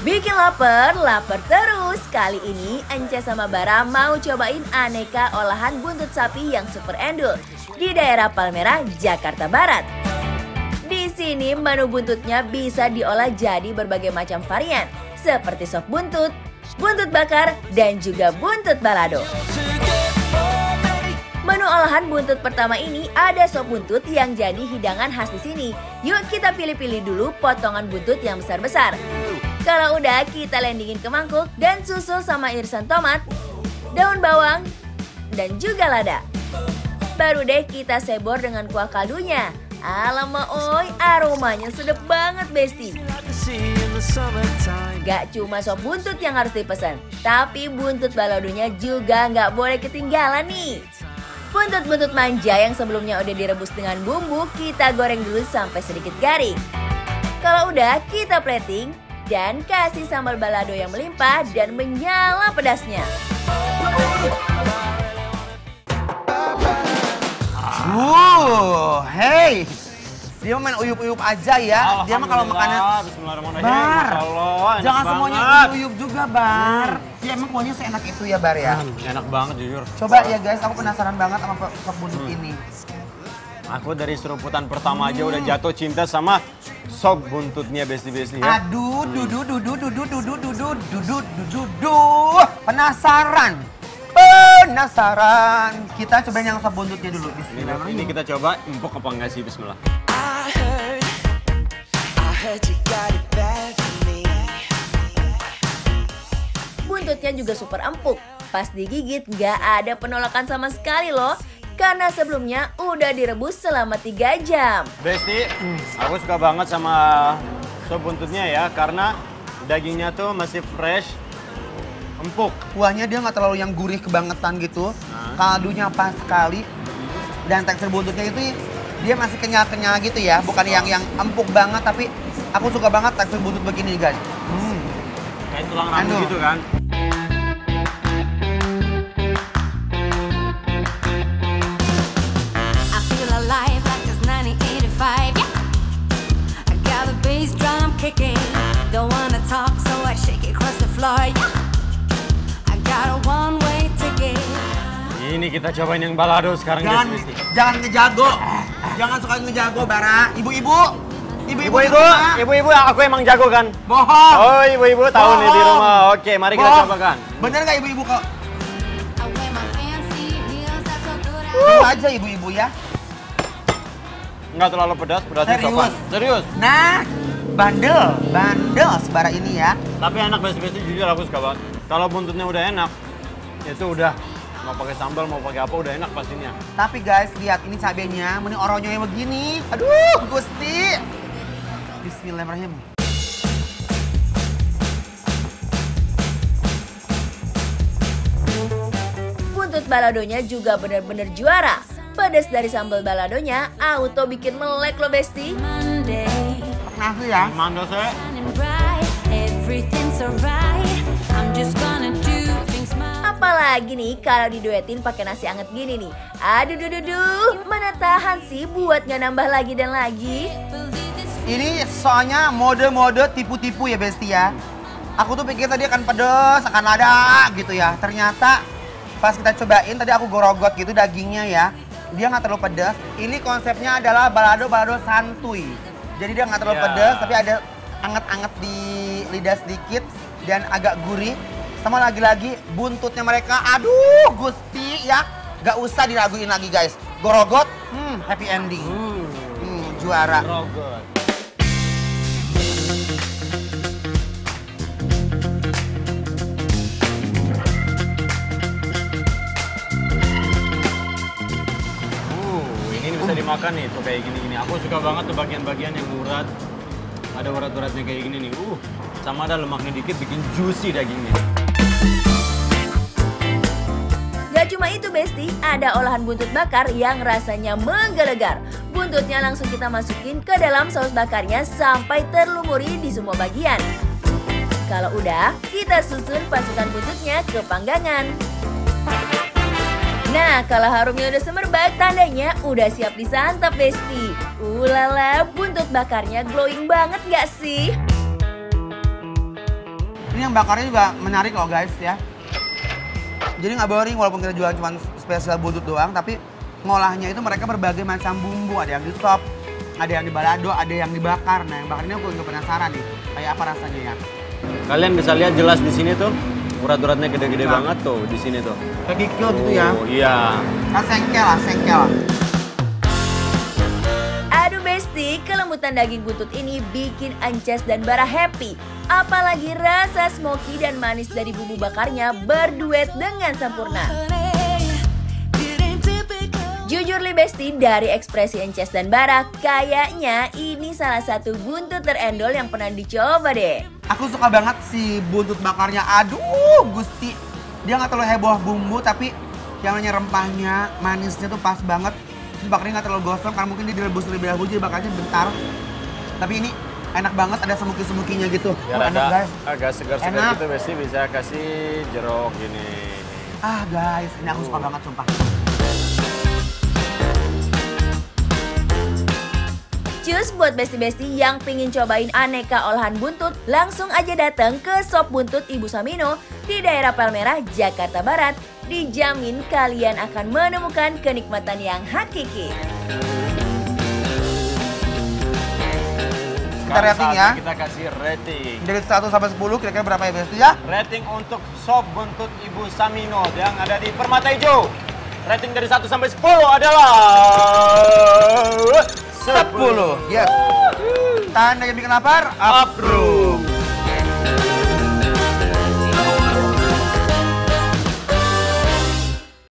Bikin lapar, lapar terus. Kali ini Anca sama Bara mau cobain aneka olahan buntut sapi yang super endul di daerah Palmerah, Jakarta Barat. Di sini menu buntutnya bisa diolah jadi berbagai macam varian seperti sop buntut, buntut bakar, dan juga buntut balado. Menu olahan buntut pertama ini ada sop buntut yang jadi hidangan khas di sini. Yuk kita pilih-pilih dulu potongan buntut yang besar-besar. Kalau udah, kita landingin ke mangkuk dan susul sama irisan tomat, daun bawang, dan juga lada. Baru deh kita sebor dengan kuah kaldunya. Alamak oi, aromanya sedap banget Besti. Gak cuma sop buntut yang harus dipesan, tapi buntut baladunya juga gak boleh ketinggalan nih. Buntut-buntut manja yang sebelumnya udah direbus dengan bumbu, kita goreng dulu sampai sedikit garing. Kalau udah, kita plating dan kasih sambal balado yang melimpah dan menyala pedasnya. Wow, hey, dia main uyup-uyup aja ya. Dia mah kalau makannya Bar. Jangan semuanya uyup-uyup juga, Bar. Dia hmm. ya, mah emang pokoknya seenak itu ya, Bar ya. Hmm, enak banget jujur. Coba ya guys, aku penasaran banget sama sop buntut hmm. ini. Aku dari seruputan pertama hmm. aja udah hmm. jatuh cinta sama sop buntutnya besti besti ya. Aduh, dudu dudu dudu dudu dudu dudu dudu dudu. Penasaran. Penasaran. Kita coba yang sop buntutnya dulu. Bismillahirrahmanirrahim. Ini kita coba empuk apa enggak sih bismillah. kulitnya juga super empuk. Pas digigit gak ada penolakan sama sekali loh. Karena sebelumnya udah direbus selama 3 jam. Besti, aku suka banget sama sop buntutnya ya. Karena dagingnya tuh masih fresh, empuk. Kuahnya dia nggak terlalu yang gurih kebangetan gitu. Kaldunya pas sekali. Dan tekstur buntutnya itu dia masih kenyal-kenyal gitu ya. Bukan yang yang empuk banget tapi aku suka banget tekstur buntut begini guys. Hmm. Kayak tulang rambut gitu kan. ini kita cobain yang balado sekarang jangan, guys. Jangan ngejago. Jangan suka ngejago, Bara. Ibu-ibu. Ibu-ibu, ibu-ibu, aku emang jago kan? Bohong. Oh, ibu-ibu tahu Bohong. nih di rumah. Oke, mari kita coba kan. Bener nggak ibu-ibu kok? Uh. aja ibu-ibu ya. Nggak terlalu pedas, pedasnya Serius. Serius. Nah, bandel, bandel sebara ini ya. Tapi enak besi-besi jujur aku suka banget. Kalau buntutnya udah enak, itu udah Mau pakai sambal, mau pakai apa udah enak pastinya. Tapi guys, lihat ini cabenya, mending oronyo yang begini. Aduh, Gusti. Bismillahirrahmanirrahim. Buntut baladonya juga benar-benar juara. Pedas dari sambal baladonya auto bikin melek lo Besti. Nasi ya. Mandos sih. Apalagi nih kalau diduetin pakai nasi anget gini nih. Aduh duh duh duh, mana tahan sih buat nggak nambah lagi dan lagi. Ini soalnya mode-mode tipu-tipu ya Besti ya. Aku tuh pikir tadi akan pedes, akan ada gitu ya. Ternyata pas kita cobain tadi aku gorogot gitu dagingnya ya. Dia nggak terlalu pedes Ini konsepnya adalah balado-balado santuy. Jadi dia nggak terlalu yeah. pedes tapi ada anget-anget di lidah sedikit dan agak gurih sama lagi-lagi buntutnya mereka, aduh gusti ya. Gak usah diraguin lagi guys. Gorogot, hmm, happy ending. Hmm, hmm juara. Uh, ini bisa uh. dimakan nih tuh kayak gini-gini. Aku suka banget tuh bagian-bagian yang urat. Ada urat-uratnya kayak gini nih. Uh, sama ada lemaknya dikit bikin juicy dagingnya. Gak cuma itu Besti, ada olahan buntut bakar yang rasanya menggelegar. Buntutnya langsung kita masukin ke dalam saus bakarnya sampai terlumuri di semua bagian. Kalau udah, kita susun pasukan buntutnya ke panggangan. Nah, kalau harumnya udah semerbak, tandanya udah siap disantap, Besti. Ulala, buntut bakarnya glowing banget gak sih? Ini yang bakarnya juga menarik loh guys ya. Jadi nggak boring walaupun kita jual cuma spesial buntut doang, tapi ngolahnya itu mereka berbagai macam bumbu. Ada yang di sop, ada yang di balado, ada yang dibakar. Nah yang bakar ini aku juga penasaran nih, kayak apa rasanya ya. Kalian bisa lihat jelas di sini tuh urat-uratnya gede-gede nah. banget tuh di sini tuh. Kayak gitu gitu ya. Oh iya. Nah, sengkel lah, sengkel lah. Aduh Besti, kelembutan daging butut ini bikin Ances dan Bara happy Apalagi rasa smoky dan manis dari bumbu bakarnya berduet dengan sempurna. Jujur li Besti, dari ekspresi Ences dan Bara, kayaknya ini salah satu buntut terendol yang pernah dicoba deh. Aku suka banget si buntut bakarnya. Aduh, Gusti. Dia nggak terlalu heboh bumbu, tapi yang namanya rempahnya, manisnya tuh pas banget. bakarnya nggak terlalu gosong, karena mungkin dia direbus lebih dahulu, jadi bakarnya bentar. Tapi ini enak banget ada semuki-semukinya gitu. Ya, oh, enak guys. Agak segar-segar gitu Besti bisa kasih jeruk gini. Ah guys, ini aku uh. suka banget sumpah. Cus buat besti-besti yang pingin cobain aneka olahan buntut, langsung aja datang ke Sop Buntut Ibu Samino di daerah Palmerah, Jakarta Barat. Dijamin kalian akan menemukan kenikmatan yang hakiki. kita Pada rating ya. Kita kasih rating. Dari 1 sampai 10 kira-kira berapa ya best ya? Rating untuk sop buntut Ibu Samino yang ada di Permata Hijau. Rating dari 1 sampai 10 adalah 10. 10. Yes. Tanda yang bikin lapar, approve.